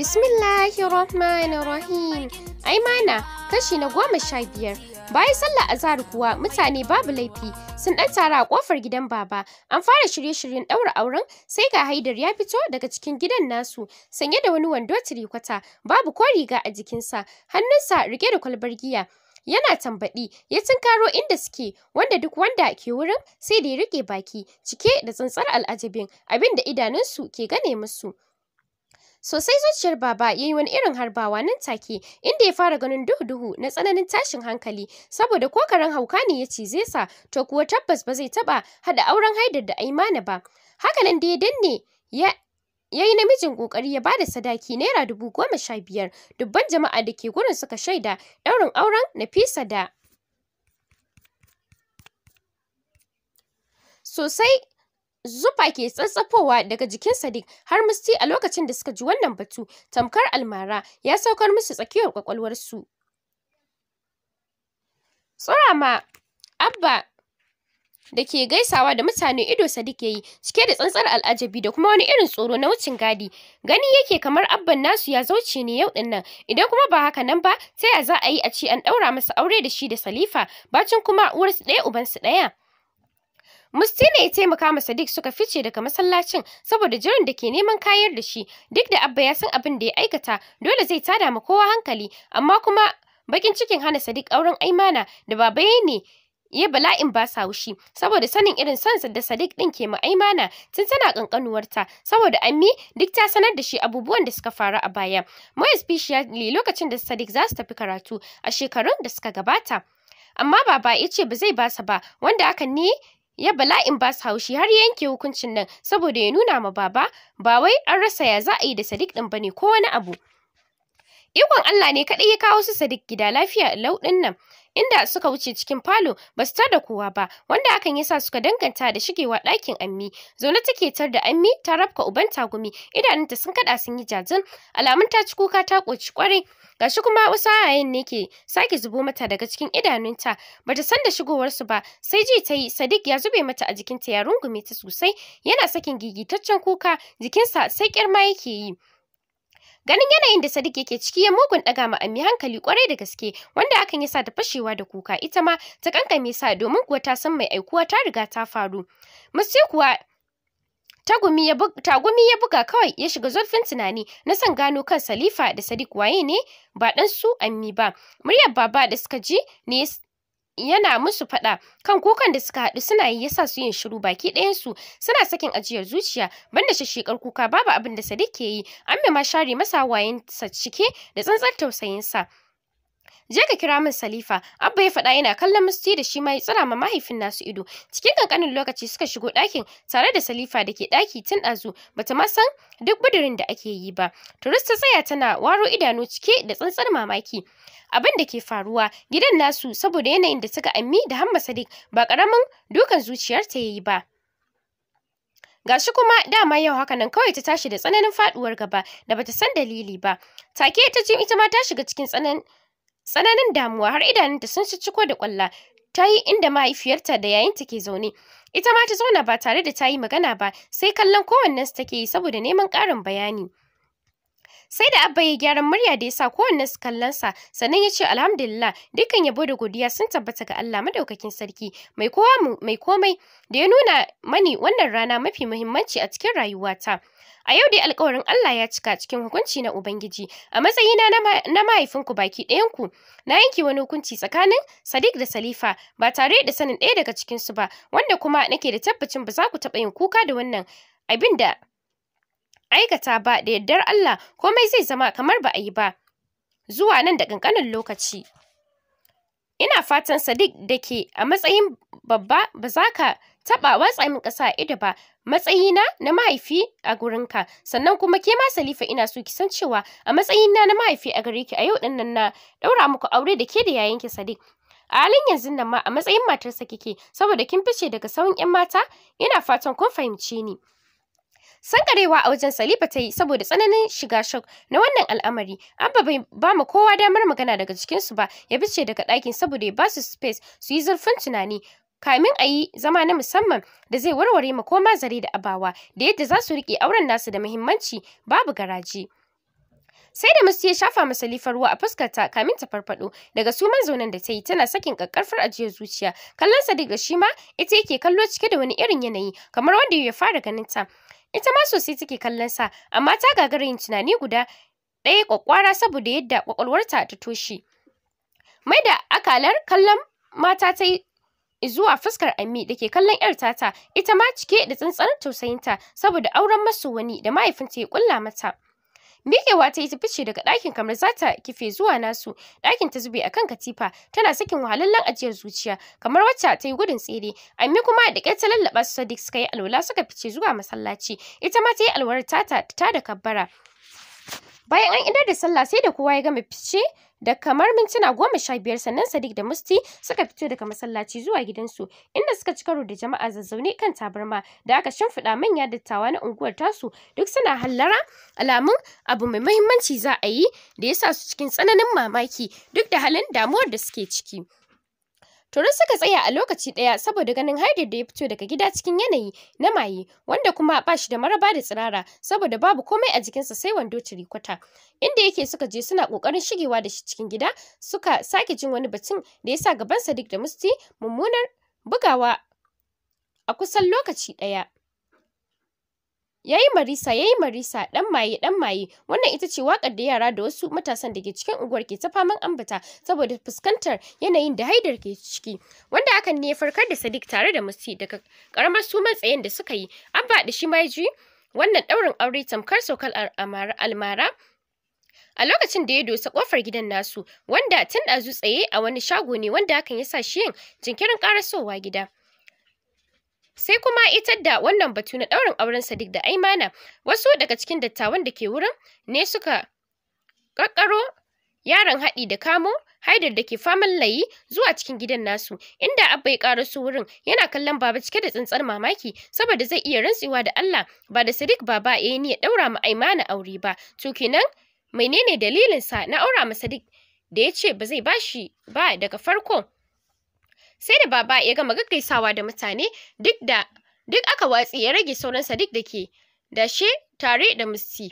Bismillahirrahmanirrahim. mana kashi na goma sha biyar. Bayan sallah azhar kuwa mutane babu laifi sun ɗan tara a ƙofar gidan baba. An fara shirye-shiryen ɗaura auren sai ga Haidar ya fito daga cikin gidan nasu sanye da wani wando tirikwata babu ko riga a jikinsa hannunsa rike da kwalbar giya. yana tambaɗi ya tunkaro inda suke wanda duk wanda ke wurin sai da ya riƙe baki cike da tsantsar al'ajabin abin da idanunsu ke gane musu. Sosai zuciyar baba ya yi wani irin harbawa nan take inda ya fara ganin duhu-duhu na tsananin tashin hankali saboda ko karen hauka ne ya cize sa to kuwa tabbas ba zai taba hada auren haidar da aimana ba. Haka nan da ya danne ya ya yi namijin kokari ya bada sadaki naira dubu goma sha biyar dubban jama'a da ke gurin suka shaida daurin auren na nafisa da sosai zufa ke tsatsafowa daga jikin Sadiq har musti a lokacin da suka ji wannan batu tamkar almara ya saukar musu tsakiyar kwakwalwarsu. Tsorama Abba da ke gaisawa da mutane ido Sadiq yayi cike da tsantsar al'ajabi da kuma wani irin tsoro na wucin gadi gani yake kamar abban nasu ya zauce ne yau din nan idan kuma ba haka nan ba ta ya za a yi a ce an daura masa aure da shi da Salifa bacin kuma uwarsu ɗaya ubansu ɗaya Musti ya taimaka ma Sadiq suka fice daga masallacin saboda jiran da ke neman kayar da shi duk da Abba ya san abin da ya aikata dole zai tada ma kowa hankali amma kuma bakin cikin hana Sadiq auren Aimana da baba ne ya bala'in ba sa wushi saboda sanin irin son da Sadiq din ke ma aimana, tun tana kankanuwarta saboda Ammi duk ta sanar da shi abubuwan da suka faru a baya mu especially lokacin da Sadiq za su tafi karatu a shekarun da suka gabata amma baba ya ce ba zai basa ba wanda aka ne ya bala'in ba su haushi har yanke hukuncin nan saboda ya nuna ma baba ba wai an rasa ya za a yi da Sadiq din bane ko wani abu. Ikon Allah ne kaɗai ya kawo su Sadiq gida lafiya lau ɗin nan. inda suka wuce cikin falo ba su tar da kowa ba wanda hakan yasa suka danganta da shigewa ɗakin ammi zaune take tar da ammi ta rafka uban tagumi idanunta sun kada sun yi jajin alamun ta ci kuka ta ƙoci kwarai gashi kuma wasu hayayen ne ke sake zubo mata daga cikin idanunta Ba ta san da shigowarsu ba sai ji ta yi sadiq ya zube mata a jikinta ya rungume ta sosai yana sakin gigitaccen kuka jikinsa sai kirma yake yi Ganin yanayin da Sadiq yake ciki ya mugun daga ma Ammi hankali kwarai da gaske wanda hakan ya sa ta fashewa da kuka ita ma ta kankame sa domin kuwa ta san mai aikuwa ta riga ta faru. Musi kuwa tagumi ya buga kawai ya shiga zurfin tunani na san gano kan Salifa da Sadiq waye ne ba dan su Ammi ba. Muryar baba da suka ji ne yana musu faɗa kan kukan da suka haɗu suna yi yasa su yin shiru baki ɗayan su suna sakin ajiyar zuciya banda shashikar kuka babu abin da Sadiq ke yi An amma ma share masa wayen sa cike da tsantsar tausayin sa je ka kira min Salifa Abba ya faɗa yana kallon musti da shi ma ya tsara ma mahaifin nasu ido cikin kankanin lokaci suka shigo ɗakin tare da Salifa da ke ɗaki tun ɗazu bata ma san duk budurin da ake yi ba turist ta tsaya tana waro idanu cike da tsantsar mamaki abin da ke faruwa gidan nasu saboda yanayin da suka ammi da Hamma Sadiq ba karamin dukan zuciyar ta yayi ba. Gashi kuma dama yau haka nan kawai ta tashi da tsananin faduwar gaba da bata san dalili ba. Take ta ji ita ma ta shiga cikin tsananin tsananin damuwa har idanunta sun cicciko da kwalla ta yi inda mahaifiyarta da yayinta ke zaune ita ma ta zauna ba tare da ta yi magana ba sai kallon kowannensu su take yi saboda neman ƙarin bayani Sai da Abba ya gyaran murya da ya sa kowanne su kallon sa, sannan ya ce alhamdulillah dukkan yabo da godiya sun tabbata ga Allah madaukakin sarki mai kowa mai komai da ya nuna mani wannan rana mafi muhimmanci a cikin rayuwata. A yau dai alkawarin Allah ya cika cikin hukunci na Ubangiji, a matsayina na mahaifinku baki ɗayanku, na yanke wani hukunci tsakanin Sadiq da Salifa ba tare da sanin ɗaya daga cikinsu ba, wanda kuma nake da tabbacin ba za ku taɓa yin kuka da wannan abin da aikata ba da yardar Allah komai zai zama kamar ba a yi ba zuwa nan da ƙanƙanin lokaci. Ina fatan Sadiq da ke a matsayin babba ba za ka taɓa watsa min ƙasa ido ba matsayina na mahaifi a gurinka sannan kuma ke ma Salifa ina so ki san cewa a matsayina na mahaifi a gare ki a yau ɗin nan na ɗaura muku aure da ke da yayanki Sadiq a halin yanzu nan ma a matsayin matarsa kike saboda kin fice daga sauran 'yan mata ina fatan kun fahimce ni. Sankarewa a wajen Salifa ta yi saboda tsananin shiga shock na wannan al'amari. Abba bai ba mu kowa damar magana daga cikin su ba, ya bice daga ɗakin saboda ya ba su space su yi zurfin tunani. kamin a yi zama na musamman da zai warware ma koma zare da abawa da yadda za su riƙe auren nasu da muhimmanci babu garaji. sai da musu ya shafa masalifar ruwa a fuskarta kamin ta farfado daga suman zaunen da ta yi tana sakin kakkarfar ajiyar zuciya kallon daga shi ma ita yake kallo cike da wani irin yanayi kamar wanda ya fara ganin ta ita ma sosai take kallon sa amma ta gagara yin tunani guda ɗaya kwakwara saboda yadda kwakwalwarta ta toshe mai da akalar kallon mata ta yi zuwa fuskar Ami da ke kallon ‘yar tata, ita ma cike da tsantsar tausayinta saboda auren masu wani da mahaifinta ya kulla mata. Miƙewa ta yi ta fice daga ɗakin kamar za ta kife zuwa nasu. Ɗakin ta zube akan katifa tana sakin wahalallen ajiyar zuciya kamar wacce ta yi gudun tsere. amma kuma da ƙyar ta lallaɓa su Sadiq suka yi alwala suka fice zuwa masallaci. Ita ma ta yi alwalar tata ta da kabbara. Bayan an idar da sallah sai da kowa ya gama fice da kamar mintuna goma sha biyar sannan Sadiq da Musti suka fito daga masallaci zuwa gidansu inda suka ci karo da jama'a zazzaune kan tabarma da aka shimfiɗa manya dattawa na unguwar tasu duk suna hallara alamun abu mai mahimmanci za a yi da ya sa su cikin tsananin mamaki duk da halin damuwar da suke ciki. Turin suka tsaya a lokaci ɗaya saboda ganin haidar da ya fito daga gida cikin yanayi na maye wanda kuma ba shi da maraba da tsirara saboda babu komai a jikinsa sai wando turi-kwata, Inda yake suka je suna ƙoƙarin shigewa da shi cikin gida suka sake jin wani batun da ya sa gabansa duk da musti mummunar bugawa a kusan lokaci ɗaya. yayi marisa yayi marisa dan maye dan maye wannan ita ce wakar da yara da wasu matasan da ke cikin unguwar ke ta faman ambata saboda fuskantar yanayin da haidar ke ciki wanda hakan ne ya farkar da sadiq tare da musi daga karamar suman tsayen da suka yi abba da shi ma ji wannan daurin aure tamkar saukar almara a lokacin da ya dosa kofar gidan nasu wanda tun ɗazu tsaye a wani shago ne wanda hakan ya sa shi yin jinkirin karasowa gida sai kuma ita da wannan batu na ɗaurin auren Sadiq da Aimana wasu daga cikin dattawan da ke wurin ne suka ƙaƙƙaro yaron haɗi da kamo Haidar da ke faman layi zuwa cikin gidan nasu inda Abba ya ƙara su wurin yana kallon baba cike da tsantsar mamaki saboda zai iya rantsewa da Allah ba da Sadiq baba ya yi ya ɗaura ma Aimana aure ba to kenan menene dalilinsa na aura ma Sadiq da ya ce ba zai bashi ba daga farko sai da baba ya gama gaggaisawa da mutane duk aka watsi ya rage sauransa duk da ke dashe tare da musti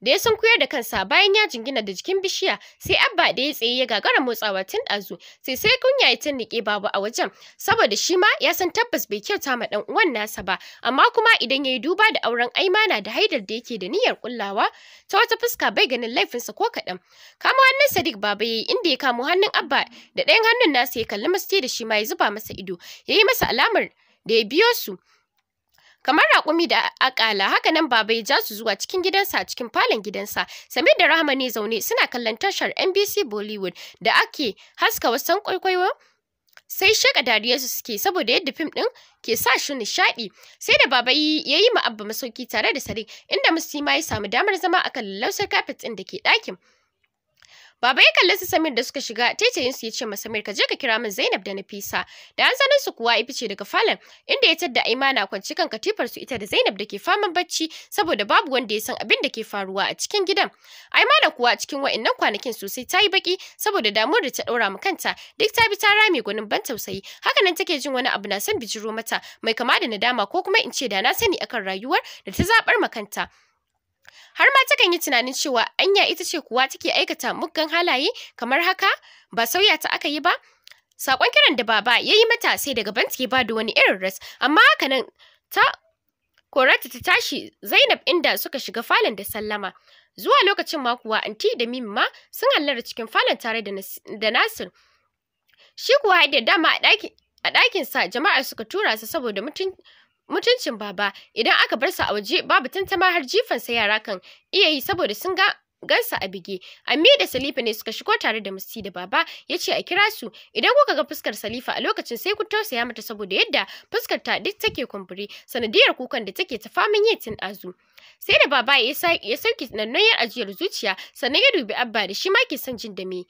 da ya sunkuyar da kansa bayan ya jingina da jikin bishiya sai abba da ya tsaye ya gagara motsawa tun ɗazu sai sai kunya ya tunnike babu a wajen saboda shi ma ya san tabbas bai kyauta ma dan uwan nasa ba amma kuma idan ya yi duba da auren aimana da haidar da yake da niyyar kullawa ta wata fuska bai ganin laifinsa ko kaɗan kama hannun sadiq baba ya yi inda ya kamo hannun abba da ɗayan hannun nasa ya kalli masti da shi ma ya zuba masa ido ya yi masa alamar da ya biyo su kamar raƙumi da akala haka nan baba ya ja su zuwa cikin gidansa cikin falon gidansa samir da rahama ne zaune suna kallon tashar nbc bollywood da ake haska wasan kwaikwayo sai shaka dariyarsu suke saboda yadda fim din ke sa shi nishaɗi sai da baba ya yi ma abba masauki tare da sadiq inda muslima ya samu damar zama akan lausar kafet ɗin da ke ɗakin Baba ya kalli su Samir da suka shiga taitayin su ya ce ma Samir ka je ka kira min Zainab da Nafisa. Da an sanin su kuwa ya fice daga falon inda ya tadda Aimana kwanci kan katifar su ita da Zainab da ke faman bacci saboda babu wanda ya san abin da ke faruwa a cikin gidan. Aimana kuwa cikin wa'annan kwanakin sosai ta yi baki saboda damuwar da ta ɗora ma kanta duk ta bi ta rame gwanin ban tausayi Haka nan take jin wani abu na san bijiro mata mai kama da nadama ko kuma in ce da na sani akan rayuwar da ta zabar ma kanta. har ma takan yi tunanin cewa anya ita ce kuwa take aikata muggan halaye kamar haka ba sauya ta aka yi ba sakon kiran da baba ya yi mata sai daga ban take ba da wani irin ras amma haka nan ta korata ta tashi zainab inda suka shiga falon da sallama zuwa lokacin ma kuwa anti da mimi sun hallara cikin falon tare da nasir shi kuwa da dama a a ɗakinsa jama'a suka tura sa saboda mutum mutuncin baba idan aka bar su a waje babu tantama har jifan sa yara kan iya yi saboda sun ga gansa a bige amma da salifa ne suka shigo tare da musi da baba ya ce a kira su idan kuka ga fuskar salifa a lokacin sai ku tausaya mata saboda yadda fuskar ta duk take kumburi sanadiyar kukan da take ta famin yi tun azu sai da baba ya sauke nannoyar ajiyar zuciya sannan ya dubi abba da shi ma ke son jin da me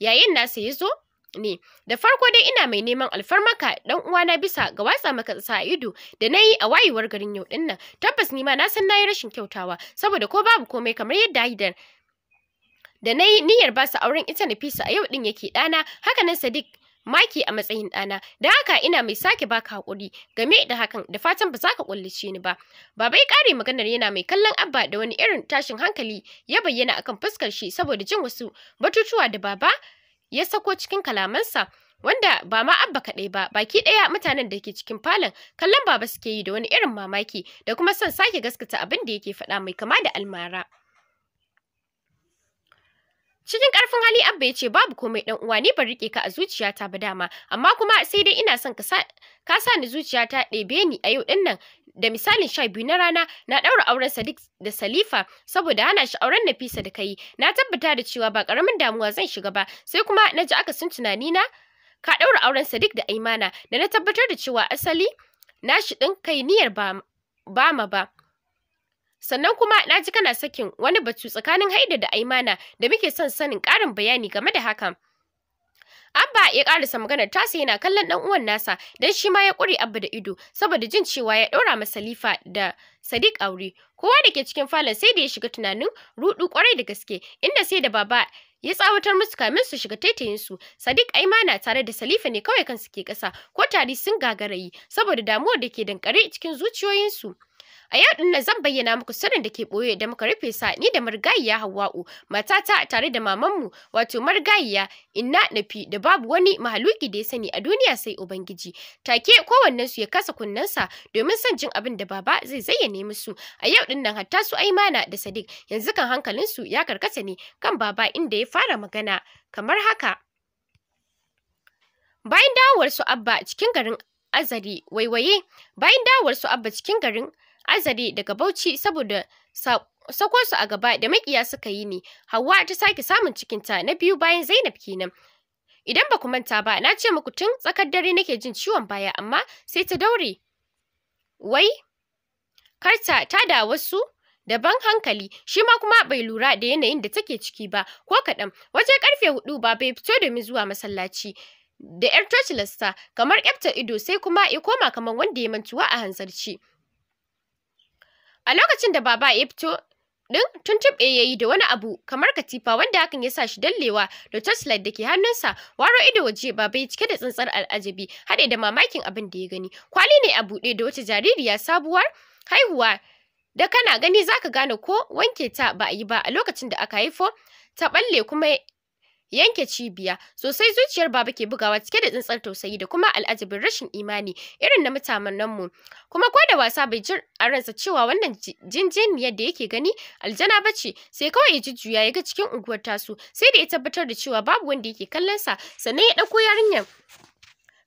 yayin nasa ya zo ne da farko dai ina mai neman alfarmaka dan uwana bisa ga watsa maka tsasa a ido da nayi a wayewar garin yau din nan tabbas ni ma na san nayi rashin kyautawa saboda ko babu komai kamar yadda Haidar da nayi niyyar ba su auren ita Nafisa a yau din yake dana haka nan Sadiq maki a matsayin ɗana da haka ina mai sake baka hakuri game da hakan da fatan ba za ka kullace ni ba baba ya maganar yana mai kallon abba da wani irin tashin hankali ya bayyana akan fuskar shi saboda jin wasu batutuwa da baba ya sako cikin kalamansa wanda ba ma abba kaɗai ba baki ɗaya mutanen da ke cikin falon kallon baba suke yi da wani irin mamaki da kuma son sake gaskata abin da yake faɗa mai kama da almara cikin ƙarfin hali abba ya ce babu komai ɗan uwa ni ban riƙe ka a zuciyata ba dama amma kuma sai dai ina son ka sa ni zuciyata ɗebe ni a yau ɗin nan da misalin sha biyu na rana na ɗaura auren Sadiq da Salifa saboda hana shi auren Nafisa da kai. Na tabbata da cewa ba karamin damuwa zan shiga ba, sai kuma na ji sun tunani na ka ɗaura auren Sadiq da Aimana da na tabbatar da cewa asali nashi ɗin kai niyyar ba ma ba. sannan kuma na ji kana sakin wani batu tsakanin haida da aimana da muke son sanin karin bayani game da hakan Abba ya karasa maganar tasa yana kallon dan uwan nasa dan shi ma ya kure Abba da ido saboda jin cewa ya daura masa lifa da Sadiq aure. Kowa da ke cikin falon sai da ya shiga tunanin rudu kwarai da gaske inda sai da baba ya tsawatar musu kamin su shiga taitayin su sadiq aimana tare da salifa ne kawai kansu ke ƙasa ko tari sun gagarayi saboda damuwar da ke dankare cikin zuciyoyin su A yau din zan bayyana muku sirrin da ke boye da muka rufe sa ni da margayiya Hawwa'u, matata tare da mamanmu, wato margayiya Inna Nafi da babu wani mahaluki da ya sani a duniya sai Ubangiji. Take kowannen su ya kasa kunnensa domin son jin abin da baba zai zayyane musu. A yau din nan hatta su Aimana da Sadiq yanzu kan hankalin su ya karkata ne kan baba inda ya fara magana kamar haka. Bayan dawowar su Abba cikin garin Azari waiwaye bayan dawowar su Abba cikin garin azare daga bauchi saboda sako su a gaba da makiya suka yi ne hawa ta sake samun cikinta na biyu bayan zainab kenan idan ba ku manta ba na ce muku tun tsakar dare nake jin ciwon baya amma sai ta daure wai karta ta da wasu daban hankali shi ma kuma bai lura da yanayin da take ciki ba ko kaɗan waje karfe hudu ba bai fito domin zuwa masallaci da yar tocilarsa kamar yabta ido sai kuma ya koma kamar wanda ya mantuwa a hanzarci A lokacin da baba ya fito din tuntuɓe ya yi da wani abu kamar katifa wanda hakan ya sa shi dallewa da torchlight da ke hannunsa waro ido waje baba ya cike da tsantsar al'ajabi haɗe da mamakin abin da ya gani kwali ne a buɗe da wata jaririya sabuwar haihuwa da kana gani zaka gane ko wanke ta ba a yi ba a lokacin da aka haifo ta ɓalle kuma yanke cibiya sosai zuciyar baba ke bugawa cike da tsantsar tausayi da kuma al'ajabin rashin imani irin na mutanen mu kuma ko da wasa bai jin a ransa cewa wannan jinjiniyar da yake gani aljana bace sai kawai ya jujjuya ya ga cikin unguwar tasu sai da ya tabbatar da cewa babu wanda yake kallon sa sannan ya ɗauko yarinyar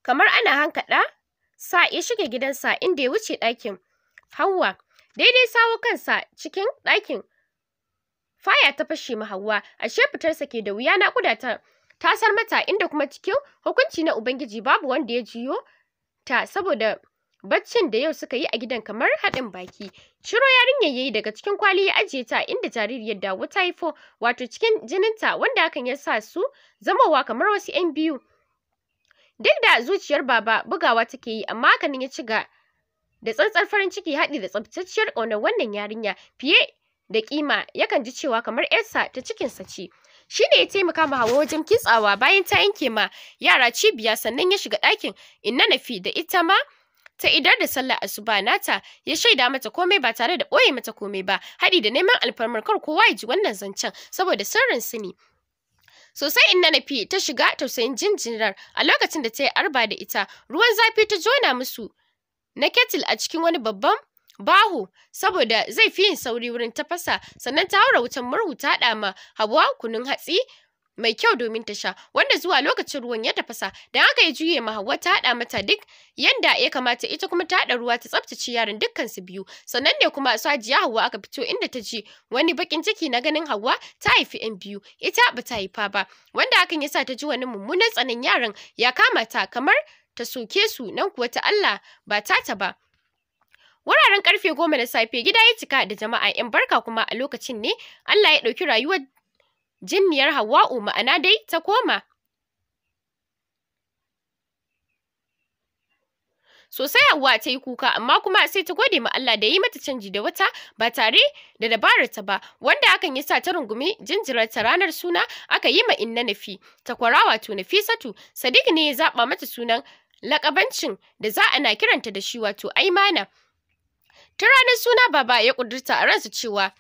kamar ana hankaɗa sa ya shige gidansa inda ya wuce ɗakin hawa daidai sawo kansa cikin ɗakin faya ta fashe ma Hauwa ashe fitarsa ke da wuya naƙuda ta sar mata inda kuma cikin hukunci na Ubangiji babu wanda ya jiyo ta saboda baccin da yau suka yi a gidan kamar haɗin baki ciro yarinyar yayi daga cikin kwali ya ajiye ta inda jaririyar dawo ta haifo wato cikin jininta wanda hakan ya sa su zamowa kamar wasu 'yan biyu duk da zuciyar baba bugawa take yi amma hakanin ya ci ga da tsantsar farin ciki haɗi da tsabtacciyar ƙaunar wannan yarinya fiye da kima yakan ji cewa kamar yarsa ta cikinsa ce shi ne ya taimaka ma hawa wajen kitsawa bayan ta yanke ma yara cibiya sannan ya shiga ɗakin inna nafi da ita ma ta idar da sallar asuba nata ya shaida mata komai ba tare da ɓoye mata komai ba haɗi da neman alfarmar kar kowa ya ji wannan zancen saboda sirrin su ne sosai inna nafi ta shiga tausayin jinjirar a lokacin da ta yi arba da ita ruwan zafi ta jona musu na ketil a cikin wani babban bahu saboda zai fi yin sauri wurin tafasa sannan ta haura wutan murhu ta haɗa ma habuwa kunun hatsi mai kyau domin ta sha wanda zuwa lokacin ruwan ya tafasa don haka ya juye ma Hauwa ta haɗa mata duk yanda ya kamata ita kuma ta haɗa ruwa ta tsaftace yaran dukkan su biyu sannan ne kuma su ajiya Hauwa aka fito inda ta ji wani bakin ciki na ganin Hauwa ta haifi yan biyu ita ba ta haifa ba wanda hakan yasa ta ji wani mummunan tsanin yaran ya kama ta kamar ta soke su nan kuwa ta Allah ba ta ta ba Wuraren karfe goma na safe gida ya cika da jama'a 'yan barka kuma a lokacin ne Allah ya ɗauki rayuwar jinniyar Hawwa'u ma'ana dai ta koma. Sosai Hawwa ta yi kuka amma kuma sai ta gode ma Allah da yi mata canji da wata ba tare da dabararta ba wanda hakan ya sa ta rungumi jinjirarta ranar suna aka yi ma inna nafi takwara wato nafisatu sadiq ne ya zaba mata sunan lakabancin da za a na kiranta da shi wato aimana. Tun ranar suna baba ya ƙudurta a ransa cewa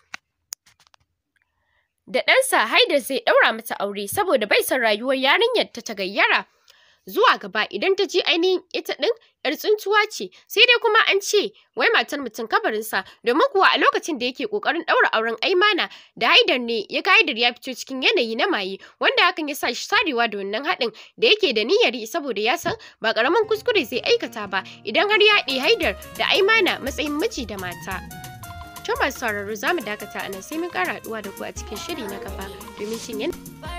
da ɗansa Haidar zai ɗaura mata aure saboda bai son rayuwar yarinyar ta ta gayyara zuwa gaba idan ta ji ainihin ita ɗin ‘yar tsuntuwa ce, sai dai kuma an ce wai matar mutum kabarinsa domin kuwa a lokacin da yake ƙoƙarin ɗaura auren aimana da haidar ne ya ga haidar ya fito cikin yanayi na maye wanda hakan ya sa shi sarewa da wannan haɗin da yake da niyyar yi saboda ya san ba ƙaramin kuskure zai aikata ba idan har ya haɗe haidar da aimana matsayin miji da mata. To masu sauraro za mu dakata a nan sai mun ƙara haɗuwa da ku a cikin shiri na gaba domin cin yana.